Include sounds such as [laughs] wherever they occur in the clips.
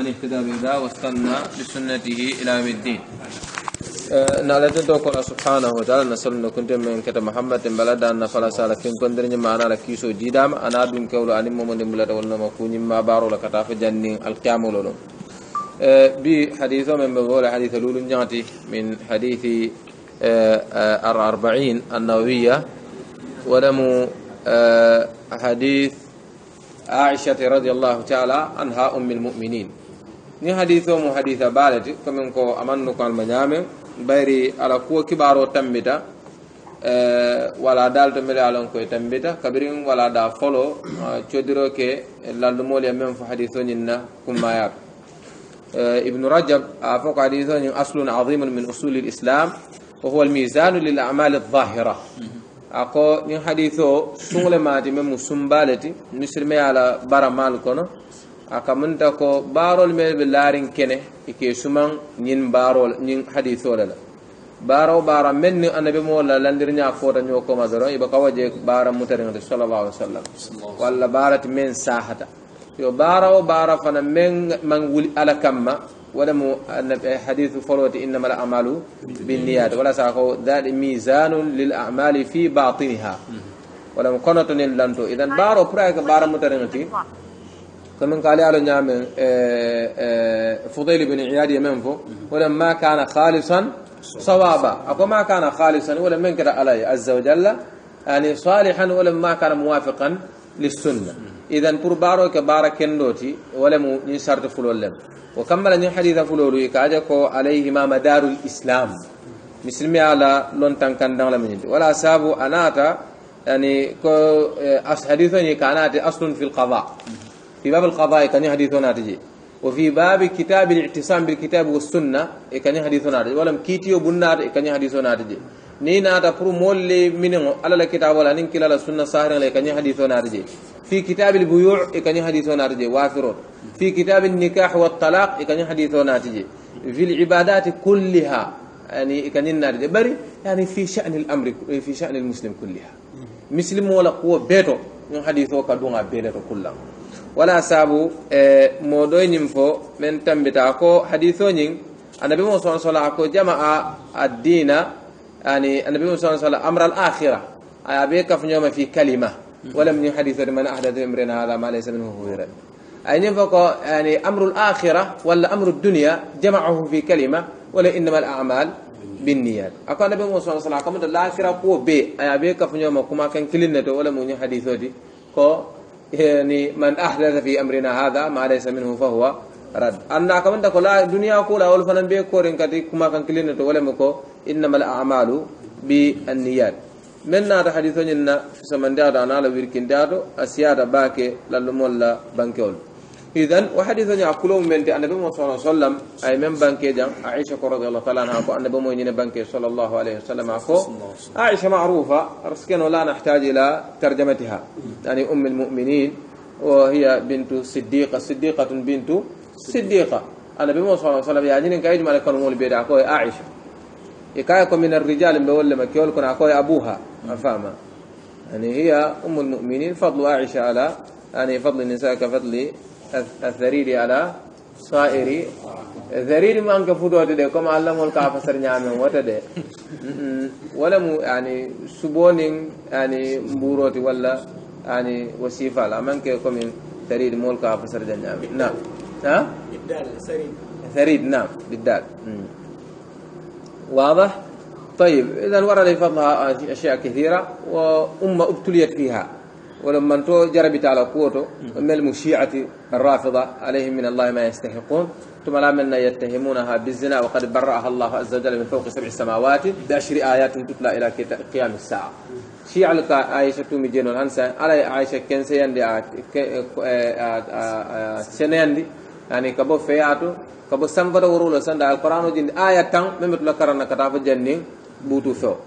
من اهتدى بهداه واستنى بسنته الى يوم الدين نالتن to kola subhanahu wa ta'ala nasal no kunte men kata muhammad en balada na fala sala kin kondere nyima ana la kiso jidam ana dum kawlo anim mo ndem bulata wala ma kunyi ma baro la kata fa janni al qiyamul lo bi hadithu men be wala hadith lulu nyati min hadithi ar 40 an nawawiyya wala mu hadith عائشة رضي الله تعالى عنها أم المؤمنين ni hadiseo mu hadisa baaleti commin ko amannu ko alma ñaamen bayri ala kuwo kibaaro tambita wala dal to mbele alon koye tambita kabirin wala da folo codiro ke lallumoolu ye men fo hadiso ñin na kummayaɓe ibnu rajab a fo ko hadiso ñin aslun adimun min usuli l'islam wa huwa almisanu lil amali aldahira a ko ñin hadiso suŋole maati men mu sumbaleti misilme ye ala bara maal kono akamunta ko barol me be larin kene ike suman ñin barol ñin hadisole la baro bara men ni annabi mo la landir ko da ñoo koma doro iba kawa je baara mutariŋati salallahu alih wa sallam walla barat min sahata yo baara o baara fana men man wuli ala kamma wala mo hadisu foloti innama al amalu niyyat wala sa ko dhali misanun lil amali fi batinha wala mo lanto idan baaro pour ay ko baara mutariŋati فمن قال على نعم آه، آه، فضيل بن عياد يمنفه ولما كان خالصا صوابا أقول ما كان خالصا ولم ينكر علي عز وجل يعني صالحا ما كان موافقا للسنة إذن بر بارك كنوتي ولم نشرت فلو لم وكمل أن يحديث فلو رويك عليهما مدار الإسلام مسلمي على لون تنكن دولة من ولا سابو أناتا يعني كو أصحديثني آه، كانت أصل في القضاء في باب القضاء كان حديثنا رجي وفي باب كتاب الاعتصام بالكتاب والسنة كان حديثنا رجي ولم كيتيو بنار كان حديثنا رجي نينا تفرو مول منه على الكتاب ولا ننكل على السنة صاهرا كان حديثنا رجي في كتاب البيوع كان حديثنا رجي وافر في كتاب النكاح والطلاق كان حديثنا رجي في العبادات كلها يعني كان نارجي بري يعني في شأن الأمر في شأن المسلم كلها مسلم ولا قوة بيته من حديثه كدونا بيته كلها wala saabu e modoyñin fo men tambita ko hadisoñin annabi mo sa sallam ako jamaa addina yani annabi mo sa sallam amra al akhira aya be kafñoma fi kalima walam ñin hadisode man ahdathu imrina hada ma laysa minhu huwiran ay ñin fo ko yani amru l akhira walla amru dunia jamaahu fi kalima wala innama al amal binniyat ako annabi mo sa sallam kamuta l akhira kuwo be aya be kafñoma kuma kan kilinne to wala mu ñin hadisodi ko يعني من أحدث في أمرنا هذا ما ليس منه فهو رد أنا كمان تقول الدنيا كلها أول فلان بيكورين كذي كما كان كلنا ولا مكو إنما الأعمال بالنيات من نار حديثنا في سمندر أنا على ويركين دارو باكي للمولى بانكول إذن وحديثا يقولون من أن النبي صلى الله عليه وسلم أي من بنك جان عائشة رضي الله تعالى عنها أن النبي من بنك صلى الله عليه وسلم أكو عائشة معروفة رسكن ولا نحتاج إلى ترجمتها يعني أم المؤمنين وهي بنت صديقة صديقة بنت صديقة النبي صلى الله عليه وسلم يعني إن كايجمع لكم مول بيد أكو عائشة يكايكم من الرجال بقول لما كيولكم أكو أبوها فاهمة يعني هي أم المؤمنين فضل عائشة على يعني فضل النساء كفضل الذرير على صائر ذرير ما انك فودوت دي كما الله مول كافسر نيامن وتا دي ولا مو يعني سبونين يعني مبوروتي ولا يعني وصيفه لا منك كم ثريد مول كافسر نيامن نعم ها بالدال ثريد نعم بالدال واضح طيب اذا ورد في فضلها اشياء كثيره وامه ابتليت فيها ولما تو جربي على قوته من المشيعة الرافضة عليهم من الله ما يستحقون ثم لا من يتهمونها بالزنا وقد برأها الله عز وجل من فوق سبع سماوات بأشر آيات تتلى إلى قيام الساعة شيع لك عائشة تومي جينو الهنسا على عائشة كن سيندي سيندي آه، آه، آه، يعني كبو فياتو كبو سنفر ورولو سنة القرآن جند آية تان ممتلا كرنا كتاب بوتو فوق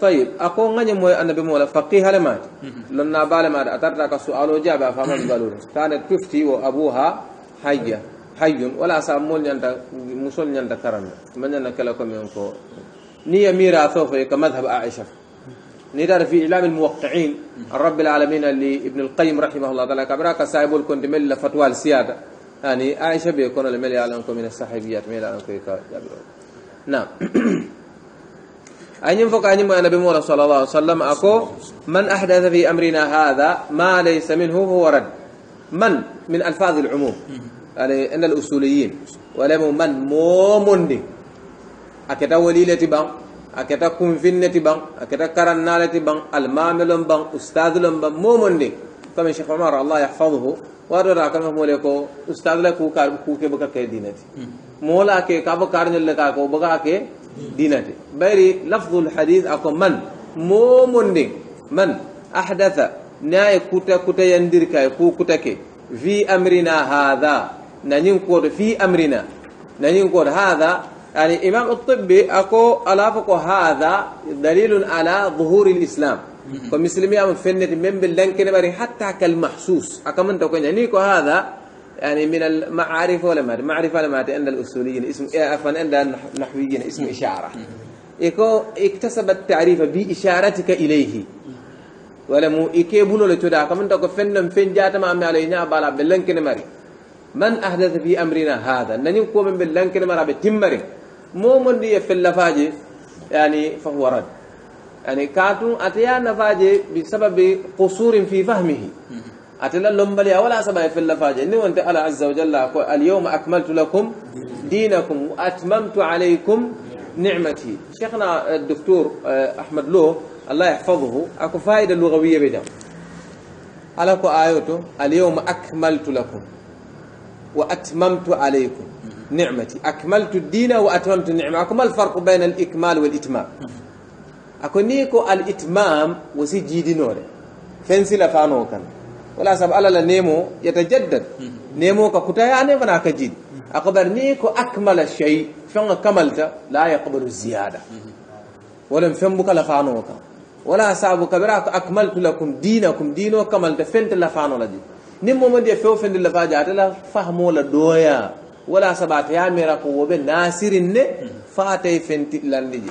طيب أكون غني موي أنا بمولا فقيه لما لنا بالما أترك كسؤال وجاب فهم قالوا كانت تفتي وأبوها حي حي ولا سامول نيانتا مسول نيانتا كرم من نانا كلا كومينكو نية ميراثه في كمذهب عائشة ندار في إعلام الموقعين الرب العالمين اللي ابن القيم رحمه الله تعالى كبراك سايبول الكند مل فتوى السيادة يعني عائشة بيكون الملي على من الصحابيات ملي على نعم أن فقاني ما نبي مورا صلى الله عليه وسلم أكو من أحدث في أمرنا هذا ما ليس منه هو رد من من ألفاظ العموم يعني إن الأصوليين ولم من مومن أكتا وليلة بان أكتا كنفنة بان أكتا كرنالة بان المامل بان أستاذ بان مومن فمن شيخ عمر الله يحفظه وأرى كما هو أستاذ لكو كوكي بكا كيدينتي مولا كي كابو كارنل لكاكو بكا كي dinate bayri lafdul hadis ako man momonde man ahdatha naye kuta kutayandir kay ku kutake fi amrina hadha nañin koto fi amrina nañin koto hadha yani imam atibbi ako ala fo ko hadha dalilun ala dhuhuri lislam ko misilimi ama fennete men ɓe lankene ɓari hatta kalmahsus akamanta ko ñani ko hadha يعني من المعارف ولا ما معرفة ولا ما عند الأصوليين اسم عفوا عند النحويين اسم إشارة إيكو اكتسب التعريف بإشارتك إليه ولا مو يكبون ولا تدا كمان تكو فنن فين جات ما علينا بلا بلنكن مري من أحدث في أمرنا هذا نني من بلنكن مرا بتمري مو من دي في اللفاجي يعني فهو رد يعني كاتو أتيا نفاجي بسبب قصور في فهمه atela lombaliya wala saba e fella faje ni wonte ala azza wa jalla ko alyawma akmaltu lakum dinakum نعمتي شيخنا الدكتور آه، احمد لو الله يحفظه اكو فائده لغويه بدا على كو ايته اليوم اكملت لكم واتممت عليكم نعمتي اكملت الدين واتممت النعمه اكو ما الفرق بين الاكمال والاتمام اكو نيكو الاتمام وسجيدي نور فنسي لفانو كان ولا سب على النيمو يتجدد نيمو ككتايا أنا يعني فنا كجد أقبلني كأكمل الشيء فما كملت لا يقبل الزيادة ولم فهمك لفانوك ولا سابك براك أكملت لكم دينكم دينو كملت فنت لفانو لدي نيمو من يفهم فنت لفاجات لا فهمو لدويا ولا سبات يا ميراكو وبين فاتي فنت لندي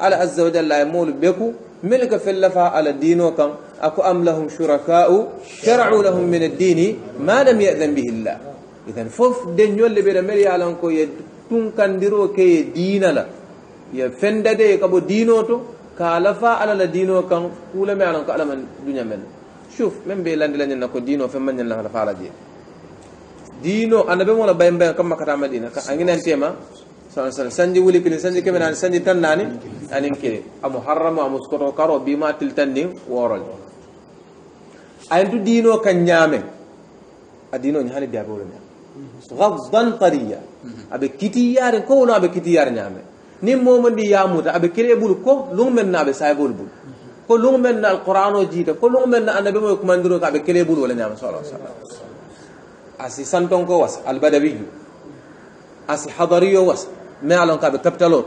على عز وجل يمول بكم ملك فلفا على دينو كان أكو أم لهم شركاء شرعوا لهم من الدين ما لم يأذن به الله إذن فوف دين يولي بلا مريا لنكو يتون كندرو كي دين لا يفند دي كبو دينو تو كالفا على دينو كان كولا ما لنكو على من دنيا من شوف من بيلان دي لنجن نكو دينو فمن ينلها لفعل دين دينو أنا بمولا بين بين كما كتعمل دينا أنجنا انتما صلى الله عليه وسلم سندي ولي كل سندي كمان أنا سندي تناني أنا كلي أم حرم أم سكر كارو بما تلتني وارل أنت دينو كنجامة أدينو نهاني بيابولنا غضا طريا أبي كتيار كونا أبي كتيار نعمة نيم مومن دي ياموت أبي كلي بول كو لون من نابي سايبول بول كو لون من القرآن وجيتا كو لون من بيمو مو يكمندرو أبي كلي بول ولا نعمة صلى الله عليه وسلم أسي سنتون كو وس البدوي أسي حضري وس me alon ka be capitalot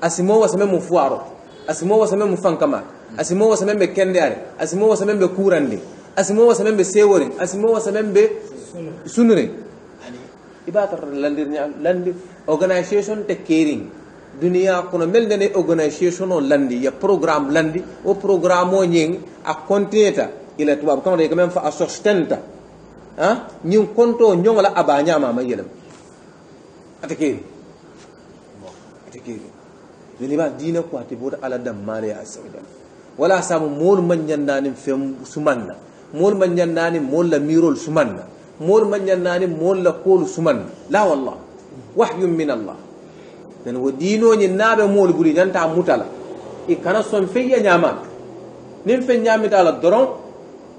asimo wasa men mu fuaro asimo wasa men mu fankama asimo wasa men be kendare asimo wasa men be kurande asimo wasa men be seworin asimo wasa men be sunure ibatar landir landi organization te caring duniya kono mel dene organisation o landi ya programme landi o programme o ñing a continueta ila tubab kama de même fa a sostenta hein ñing konto ñongola aba ñama ma yelam atake beliba dina ko ati bota ala dam mare azza wa jalla wala samu mol man nyandani fem sumanna mol man nyandani mol la mirol sumanna mol man nyandani mol la kol sumanna la wallah wahyun min allah dan wo dino ni nabe mol buri nanta mutala i kana son feya nyama nin fe nyamita ala doron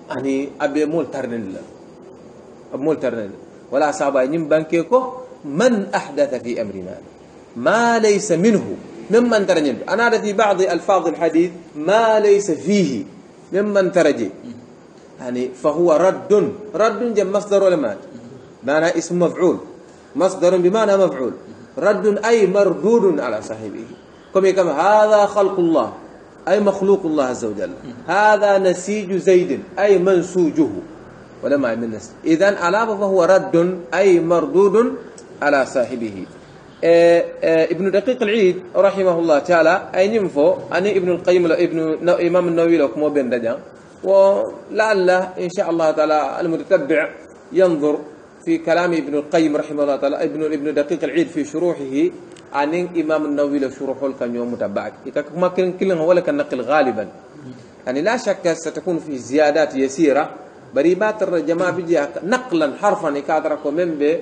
ani abe mol tarnen la mol tarnen wala saba nyim banke ko man ahdatha fi amrina ma laysa minhu ممن ترجم أنا في بعض ألفاظ الحديث ما ليس فيه ممن ترجم يعني فهو رد رد جم مصدر ولا مات معنى اسم مفعول مصدر بمعنى مفعول رد أي مردود على صاحبه كم كما هذا خلق الله أي مخلوق الله عز وجل هذا نسيج زيد أي منسوجه ولما من نسيج اذا الا فهو رد أي مردود على صاحبه آه، آه، ابن دقيق العيد رحمه الله تعالى أين ينفو أن ابن القيم ابن إمام النووي لكم بين دجا ولعل إن شاء الله تعالى المتتبع ينظر في كلام ابن القيم رحمه الله تعالى ابن ابن دقيق العيد في شروحه عن إمام النووي لشروحه الكن يوم متبعك ما كان كلهم ولا كان نقل غالبا يعني لا شك ستكون في زيادات يسيرة بريبات الجماعة بيجي نقلا حرفا كادركم من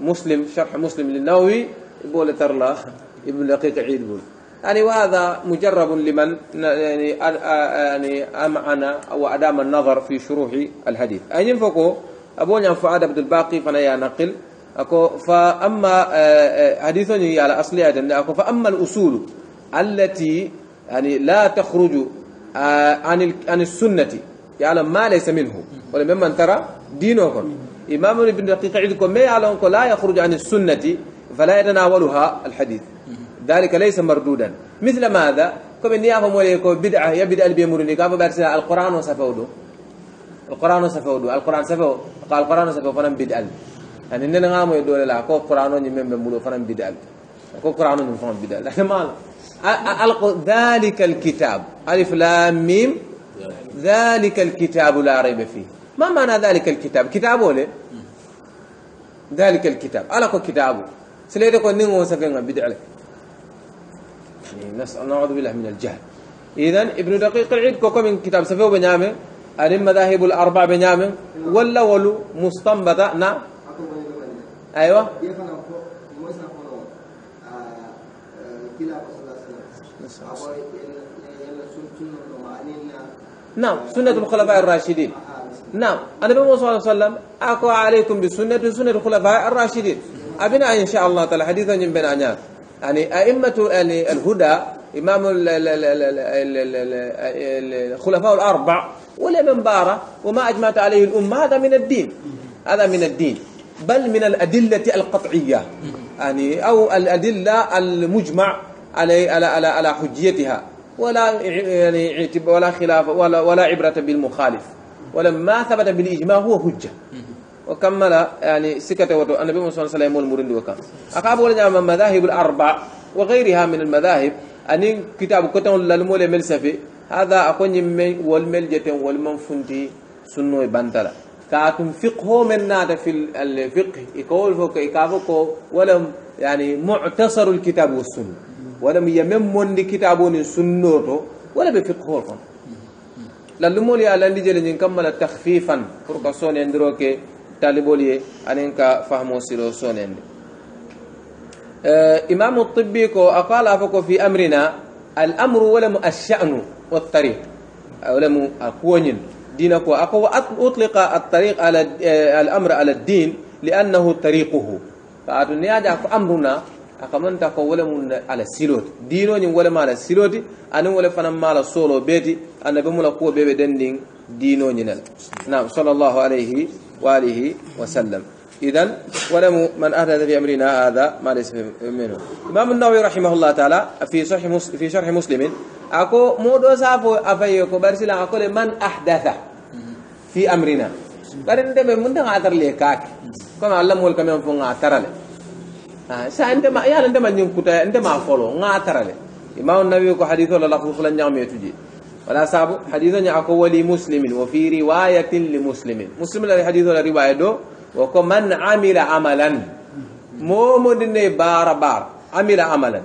مسلم شرح مسلم للنووي يقول ترلا ابن دقيق عيد بول يعني وهذا مجرب لمن يعني يعني أمعن وأدام النظر في شروح الحديث يعني ينفقوا أبو ينفع عبد الباقي فأنا يا نقل أكو فأما حديثني على أصلها أكو فأما الأصول التي يعني لا تخرج عن عن السنة يعلم ما ليس منه ولمن ترى دينه إمام ابن دقيق بول ما يعلم لا يخرج عن السنة فلا يتناولها الحديث ذلك ليس مردودا مثل ماذا كم إني أفهم وليك بدعة يبدأ البيمرني كافو بارسها القرآن وصفوده القرآن وصفوده القرآن صفو قال القرآن وصفوده فنم بدأ يعني إننا نعم يدور لا كو القرآن ونمم بمولو فنم بدأ كو القرآن ونمم فنم بدأ لأن مالا ذلك الكتاب ألف لام ميم ذلك الكتاب لا ريب فيه ما معنى ذلك الكتاب كتابه ذلك الكتاب ألقوا كتابه سليدي كون نينغو سفين بدعة يعني نسأل نعوذ بالله من الجهل إذن ابن دقيق العيد كوكو من كتاب سفيه بنيامه أرم مذاهب الأربع بنيامه ولا ولو مستنبطة نا أيوة نعم سنة الخلفاء الراشدين نعم أنا بموسى صلى الله عليه وسلم أقوى عليكم بسنة سنة الخلفاء الراشدين أبناء إن شاء الله تعالى حديثا بين أنيا يعني أئمة الهدى إمام الخلفاء الأربع ولا من بارة وما أجمعت عليه الأمة هذا من الدين هذا من الدين بل من الأدلة القطعية يعني أو الأدلة المجمع على على على, على حجيتها ولا يعني ولا خلاف ولا ولا عبرة بالمخالف ولما ثبت بالإجماع هو حجة وكمل يعني سكته وتو النبي صلى الله عليه وسلم مرند وكان أقاب ولا جامع مذاهب الأربع وغيرها من المذاهب أن كتاب كتب للمول ملسفي هذا أكون من والملجة والمنفنتي سنو بانتلا كاتم فقه من نات في الفقه يقول فوق يكافوك ولم يعني معتصر الكتاب والسنة ولم من كتابون والسنه ولا بفقه لا لمول يا لاندي جل نكمل تخفيفا فرقصون يندروك تالبولي أنك فهمو سيرو سونين إمام الطبي كو أقال أفكو في أمرنا الأمر ولم الشأن والطريق ولم أقوين دينك أقو أطلق الطريق على الأمر على الدين لأنه طريقه فأدنيا أمرنا akamanta ko wala mun ala siloti dino nyin wala mala siloti anin wala fanan mala solo beti annabi mula ko bebe dendin dino nyinal na'am sallallahu alaihi wa alihi wa sallam اذا ولم من احدث في امرنا هذا ما ليس منه امام النووي رحمه الله تعالى في شرح في شرح مسلم اكو مودو سافو افيكو برسلا اكو من احدث في امرنا برندم من دغ اثر لكاك كما علمه الكمن فون اثر له sa ndema yala ndema ñin kuta ndema folo nga tarale imam nawawi ko hadith la lafu fulan ñamé tuji wala sabu hadith ña ko wali muslimin wa fi riwayatin li muslimin muslim la hadith la riwaya do wa ko man amila amalan momo dine bara bar amila amalan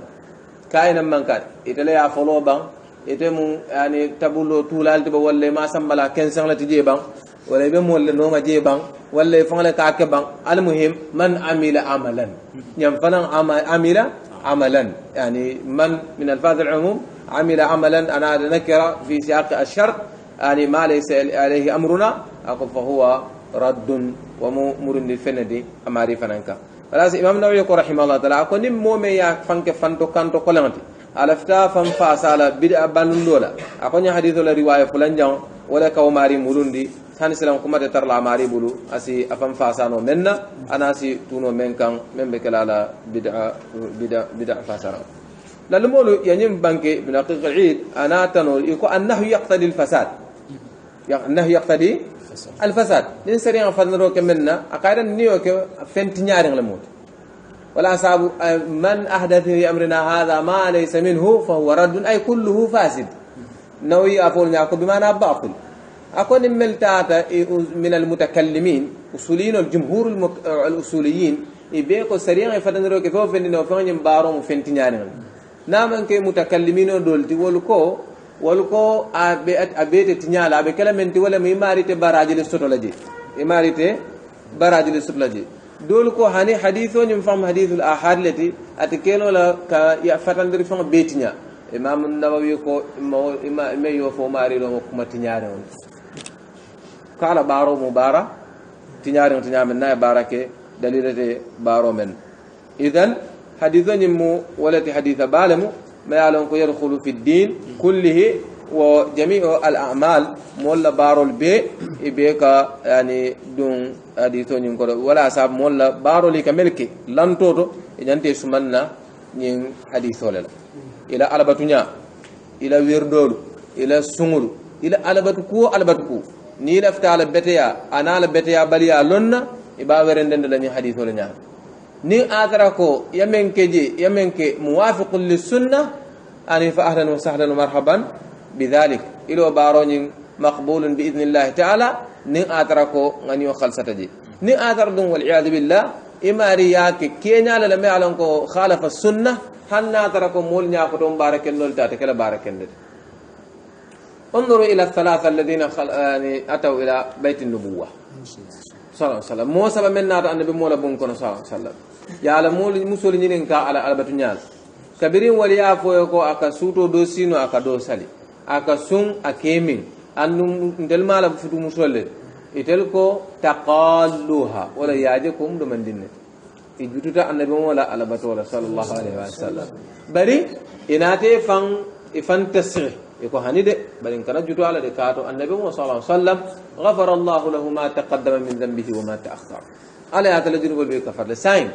kayna man kat itale ya folo ban ite mu yani tabulo tulal tiba walle ma sambala ken sanglati je ban ولا يبم ولا نوم جي بان ولا يفعل كاك بان المهم من عمل عملا ينفعل عمل عملا يعني من من الفاظ العموم عمل عملا انا نكر في سياق الشرط يعني ما ليس عليه امرنا اقول فهو رد ومؤمر للفند معرفه نكا خلاص امام النووي رحمه الله تعالى اكون مومي يا فانك فانتو كانتو كلمتي alafta fan بدأ bid'a دولا akonya hadithu la riwaya fulan jaw wala kawmari murundi hani silan kuma de tarla amari bulu asi afan fasano menna ana asi tuno men kan men be kelala bid'a bid'a bid'a fasara la lumolu yanyim banke bin aqiq al-eid ana tanu iko annahu yaqtadi al-fasad ya annahu yaqtadi al-fasad din sari an fadnaro ke menna aqaida niyo ke fenti nyaari nglamut wala sabu man ahdatha fi amrina hadha ma laysa minhu fa huwa radd ay kulluhu fasid nawi afol nyako bimana baqul أكون من تاتا من المتكلمين أصوليين الجمهور المك... الأصوليين يبيكو سريعا فتنرو كيفو فندنا وفنجي مبارو مفنتين يعني نامن كي متكلمين دولتي ولكو ولكو أبيت أبيت تنيالا بكلام انت ولا ميماريت براجل السطلجي إماريت براجل السطلجي دولكو هاني حديثو نفهم حديث الآحاد التي أتكيلو لك فتندر فن بيتنا إمام النووي كو إما إما يوفو ماري لو كما تنيالا kala baro mu bara tinyaare to tinyaame na barake dalilate baro men idan haditha wala ti haditha balamu ma yalon ko yadkhulu fi din kullihi wa jami'u al a'mal molla barol be e be ka yani dun haditho nyin ko wala sa molla baroli ka melke lantoto e jante sumanna nyin haditho la ila albatunya ila wirdol ila sungulu ila albatu ko ni lafta la beteya ana la beteya baliya lonna iba werendende lami hadisole ñaata ni atara ko yamen ke je yamen ke muwafiqun lissunna ani fa ahlan wa sahlan wa marhaban bidhalik ilo baroñin maqbulun bi idnillahi taala ni atara ko ganiyo halsata je ni atara ɗum waliyadu billah imari yake keñala lame alan ko halafa sunna han natara ko mool ñakoton barakellol tata kela barakellede انظروا إلى الثلاثة الذين خل... يعني أتوا إلى بيت النبوة صلى الله عليه وسلم مو سبب من نار النبي مولا بنكون صلى الله عليه وسلم يا يعلمون مسول نيرين كا على البت نيال كبيرين وليا فويكو أكا سوتو دو سينو أكا دو سالي أكا سون أكيمين أنو ندل مالا بفتو مسول إتلكو تقالوها ولا يعجكم دمن النبي مولى على wala alabatola الله عليه وسلم بري اناتي فان ifan تسري يكون هني بل إن كان جدوا على دكاتو النبي صلى الله عليه وسلم غفر الله له ما تقدم من ذنبه وما تأخر على هذا الذي نقول به كفر لساين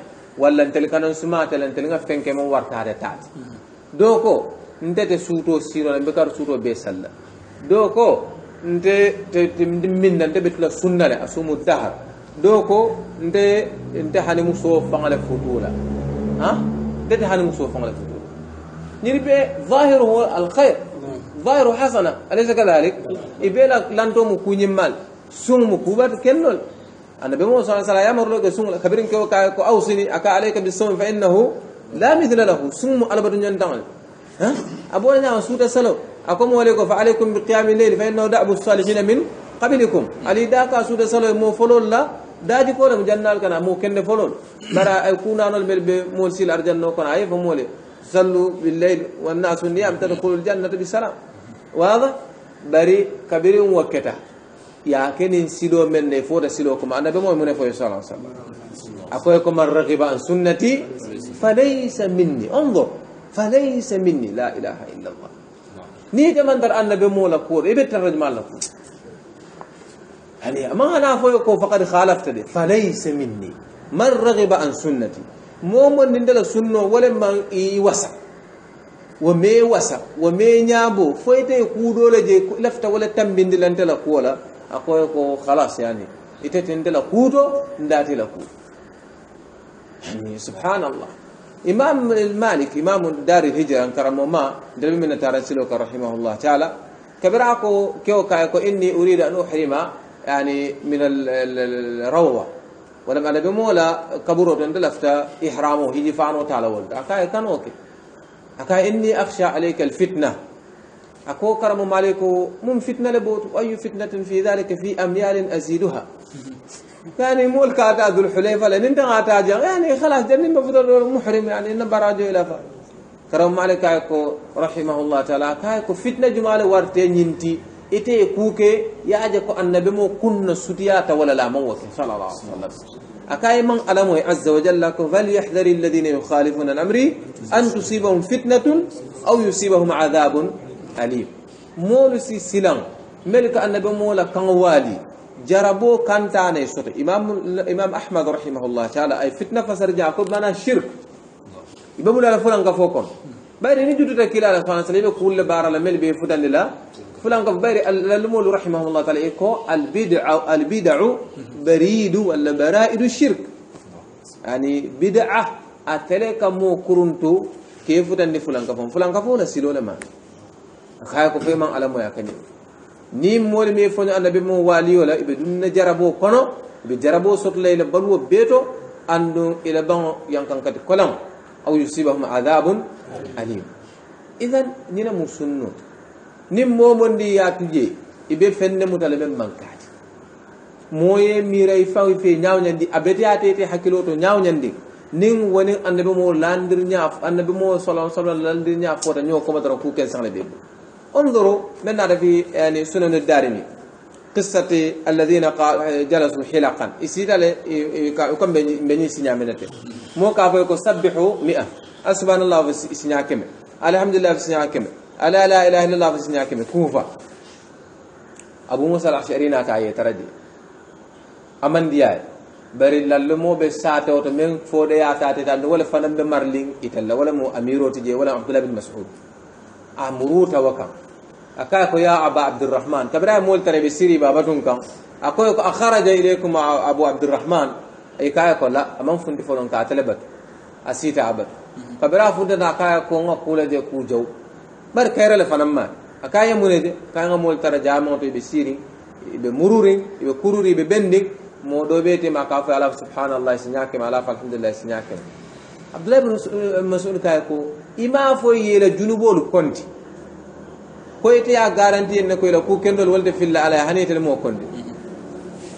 ولا انت اللي كان سمعت ولا انت اللي فين كم ورت هذا تات دوكو انت تسوتو سيرو لم بكر سوتو بيسل دوكو انت من انت بتلا سنة اسوم الدهر دوكو انت انت هني مصوف على فطولة ها انت هني مصوف على فطولة نربي ظاهره الخير ظاهر حسنة أليس كذلك إبلا لانتو مكوني مال سون مكوبات كنول أنا بمو صلى الله عليه وسلم يامر لك سون خبرين كو كايكو أوصني أكا عليك بالصوم فإنه لا مثل له سون ألبد ينتعل ها أبو أنا سورة سلو أقوم عليكم فعليكم بقيام الليل فإنه دأب الصالحين من قبلكم علي داكا سورة سلو مو فلول لا دادي كولم جنال كنا مو كن فلول برا أكون أنا بالمول سيل كنا أيه فمولي صلوا بالليل والناس النيام تدخل الجنة بسلام واضح بري كبير وكتا يا كن سيلو من نفور سيلو كما انا بمو من نفور صلى الله عليه وسلم اكو كما الرغب عن سنتي فليس مني انظر فليس مني لا اله الا الله نيجا من در ان بمو لكور كور ايه بترجم الله هل ما انا فوي فقد خالفت لي فليس مني من رغب عن سنتي مو من ندل سنه ولا ما يوسع wo me wasa wo me ñaabo foyte kuuɗole je lafta wala tambindi lantela kuwola a koye ko halas yani itetentela kuuto ndatela kuuto subhanallah imam malik imamu dari hijra an karamo ma ndeɓe mina taran silo ka rahimahullah taala kabira ko kewo kaye ko inni urida an uhrima yani min alrawwa walam alaɓe moola kaburo to nde lafta ihramo hiji fano taala wolde a kaye kanoke okay. aka inni akhsha alayka alfitna ako karamo maliko mum fitna le botu ayu fitnatin fi dhalika fi amyalin aziduha يعني مول كاتا ذو الحليفه لان انت غاتا يعني خلاص جنني مفضل محرم يعني ان براجو الى فا كرم مالك ايكو رحمه الله تعالى كايكو فتنه جمال ورتي نينتي ite kuke ya aje ko annabi mo kunna sutiyata wala la man wasi sallallahu alaihi wasallam أكاي من عز وجل فليحذر الذين يخالفون الأمر أن تصيبهم فتنة أو يصيبهم عذاب أليم مولسي سلام ملك النبي مولى كان والي جربو كان تاني إمام الإمام أحمد رحمه الله تعالى أي فتنة فسرجعكم لنا شرك يبقى فلان كفوكم باري ني جودو تكيلا على صلى الله عليه وسلم كل بار لما بي فدان لله فلان قف باري المول رحمه الله تعالى ايكو البدع البدع بريد ولا برائد الشرك يعني بدعه اتلك مو كرنتو كيف فدان فلان قف فلان قف ولا سيلو لما خايكو في ما علمو يا كني ني مول مي فون النبي مو والي ولا ابن نجربو كنو بجربو صوت ليل بلو بيتو اندو الى بان يانكان كات كولام أو يصيبهم عذاب أليم إذا نينا مسنوت نم مومن دي ياتجي إبه فن متلبة منكات موي ميراي فاوي في نياو نياندي أبتي أتيتي حكيلوتو نياو نياندي نين ونين أنبي مو لاندر نياف أنبي مو صلى الله عليه وسلم لاندر نياف فوتا نيو كومترو كوكين سنة بيبو انظروا من هذا في يعني سنن الدارمي قصة الذين جلسوا حلقا يسيد على يكون بني سنة منته مو كافو يكون سبحوا مئة أسبان الله في سنة كمي الحمد لله في سنة كمي ألا لا إله إلا الله في سنة كمي كوفا أبو موسى العشرين ناتعي تردي أمن دياي بري للمو mo be sate oto men ولا فنم بمرلين tan ولا مو أميرو تجي ولا عبد الله بن مسعود أمرو abdullah أكاكو يا أبا عبد الرحمن كبرى مول ترى بسيري بابتون كم أكو أخرج إليكم أبو عبد الرحمن أي كاكو لا أمام فندي فلون كاتلبت أسيت عبد كبرى فندي ناكاكو قولة دي كوجو بر كير لفنما أكايا دي كايا مول ترى جامعة بسيري بمرورين بكروري ببندك موضوع بيتي ما كافي على سبحان الله سنياكم على الحمد لله سنياكم عبد الله بن مسعود كايكو إما فوي يلا جنوبول كونتي ko ite ya garanti en ne ko ila ku kendol wolde filla ala hani ite mo kondi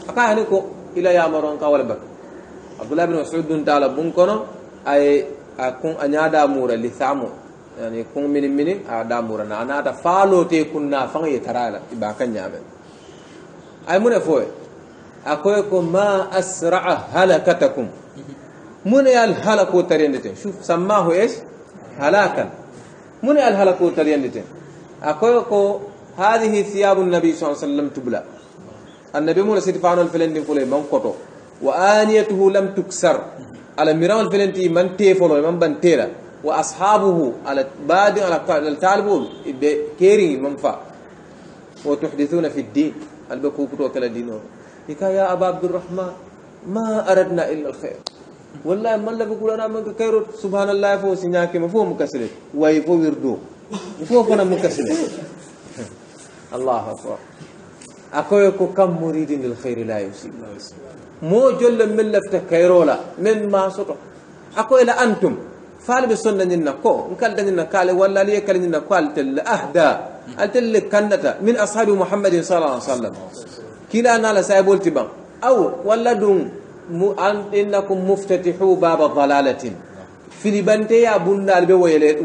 aka hani ko ila ya maron ka wala bak abdullah ibn mas'ud dun taala bun kono ay a kun a nyaada mura li samu yani kun mini mini a da mura na anata falo te kunna fanga ye tarala iba kan nyaame ay mune foye akoy ko ma asra'a halakatakum mune al halaku tariyandete shuf sammahu ايش هلاكا mune al halaku tariyandete أكويكو هذه ثياب النبي صلى الله عليه وسلم تبلى النبي مولى مولا فانو الفلندي فولي من كوتو وآنيته لم تكسر على ميرام الفلندي من تيفولو من بنتيرا وأصحابه على بعد على الطالب كيري من فا وتحدثون في الدين البكو كتو كلا دينو يكا يا أبا عبد الرحمن ما أردنا إلا الخير والله ما لا بقول أنا من كيرو سبحان الله فو سنياكي مفهوم كسرت ويفو يردو يفوق أنا مكسل الله أكبر أكو يكو كم مريد للخير لا يسيب مو جل من لفت كيرولا من ما سطع أكو إلى أنتم فعل بسنة نينا كو نكال دنينا كال ولا لي كال نينا كال تل أهدا التل كنتا من أصحاب محمد صلى الله عليه وسلم كلا نال سايبول تبا أو ولا دون مو مفتتحوا باب ضلالة فلبنتي أبونا البي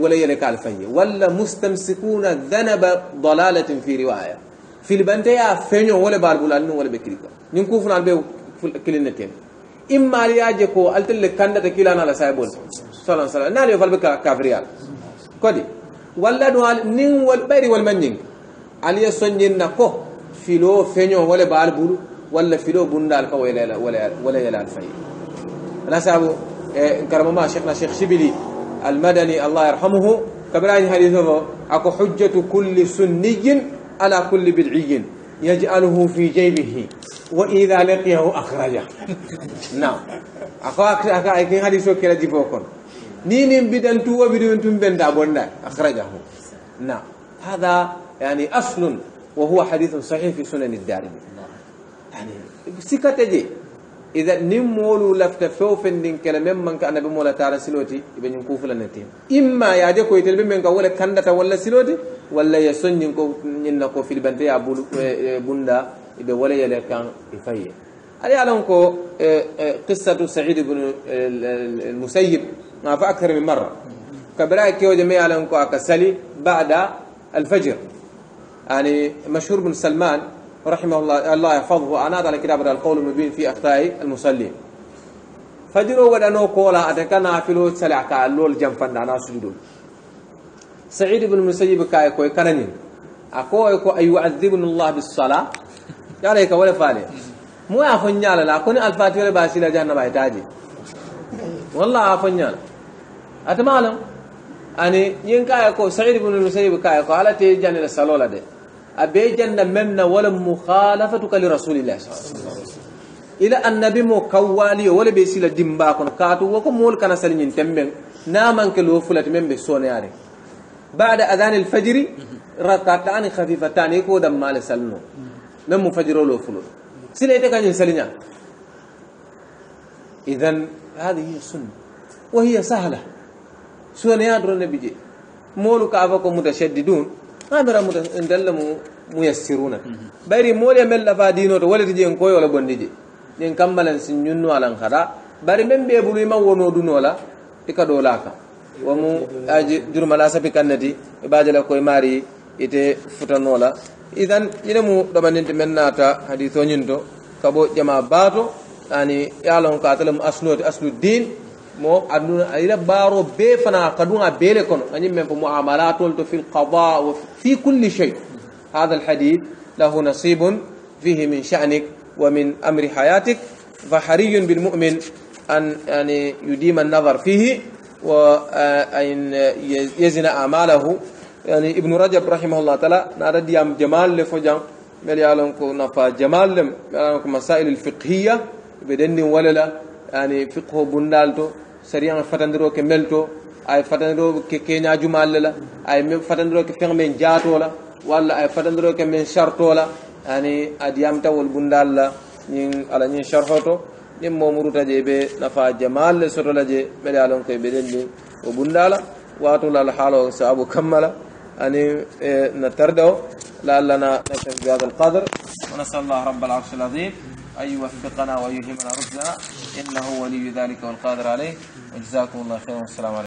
ولا يلك الفي ولا مستمسكون ذنب ضلالة في رواية فلبنتي أفنيو ولا باربول أنو ولا بكريكا نكوفنا البي كلينتين إما لياجي كو ألتل كندا تكيلانا لسايبول صلى الله عليه وسلم نالي كافريال كودي ولا نوال نين والبيري والمنين علي سنجين نكو فيلو فنيو ولا باربول ولا فيلو بندال كو ولا ولا ولا يلال الفي أنا سابو كرم ما شيخنا شيخ شبلي المدني الله يرحمه قبل كبراني حديثه أكو حجة كل سني على كل بدعي يجعله في جيبه وإذا لقيه أخرجه [laughs] نعم أكو أكو حديثه كلا جيبوكم نين بدن تو بدنتو تو بندا بندا نعم. أخرجه نعم هذا يعني أصل وهو حديث صحيح في سنن الدارمي يعني سكتة سكتجي إذا نمولو لفك فوفن دين كلمة من كأنا بمولا تعالى سلوتي يبقى نكوف لنتيم إما يأجي كوي تلبي من كولا كندا ولا سلوتي ولا يسن ينكو ينكو في البنتي يا إيه، إيه، بوندا ولا يلا كان يفيه ألي ألنكو إيه، قصة سعيد بن المسيب ما فأكثر من مرة كبراي كيو جميع ألنكو أكسلي بعد الفجر يعني مشهور بن سلمان رحمه الله الله يحفظه أنا على كتاب القول المبين في أخطاء المسلم فجرو قد قولا كولا أتكنا فيلو سلع كالول جنفن أنا سجدو سعيد بن المسيب كاي كوي كرنين أكو أكو أي يعذبن الله بالصلاة يا ريك ولا فالي مو أفنيا لا كوني الفاتحة ولا باسيلا جهنم يتاجي والله أفنيا يالا أتمالم أني ينكاي كو سعيد بن المسيب كاي كو على تيجاني للصلاة ده أبي جنة ممنا ولا مخالفتك لرسول الله صلى الله عليه وسلم إلى النبي مكوالي ولا بيسيل دمباكن كاتو وكم مول كان سلين تمبن نامن كلو فلت من بسونياري بعد أذان الفجر ركعتان خفيفتان يكو دم مال سلنو نم فجر لو فلو سليتك أن سلينا إذن هذه هي السنة وهي سهلة سونيار النبي مولك أفكم متشددون amira ndella mu muyassiruna bari moolu men lafa diinoto waleti jeen koyo la bondi je jen kammalan sin ñunno alan kata bari men ɓe bulu ima wono dunola ika ɗola kam womu aji jurmala sapi kannati e bajala koye maari ite futanola idan ine mu ɗomaninte men naata hadi toñinto kabo ƴama baato ani yalon ka tala mu asnoti aslu din mo aduna ila baro be fana kadunga bele kono anyi mem muamalat wal fi alqada wa fi kulli shay هذا الحديث له نصيب فيه من شأنك ومن أمر حياتك فحري بالمؤمن أن يعني يديم النظر فيه وأن آه، يزن أعماله يعني ابن رجب رحمه الله تعالى نرد يام جمال لفجام مليالونكو نفا جمال لم مسائل الفقهية بدن ولا يعني فقه بندالتو sariyaŋ fatandiroo ke melto ay fatandiro ke keña jumalle la ay fatandiro ke feŋ men la walla ay fatandiro ke men sarto la ani adiyamta wol bundal la ñin ala ñin sarhoto ɗin momuruta je ɓe nafa jamalle soto la je ɓeɗe alon koye ɓeɗen ɗin o bundala watula alhaala o saabu kamala ani na tarde o لعلنا نكتفي بهذا القدر ونسأل الله رب العرش العظيم أن يوفقنا ويلهمنا رشدنا إنه ولي ذلك والقادر عليه جزاكم الله خيرا والسلام عليكم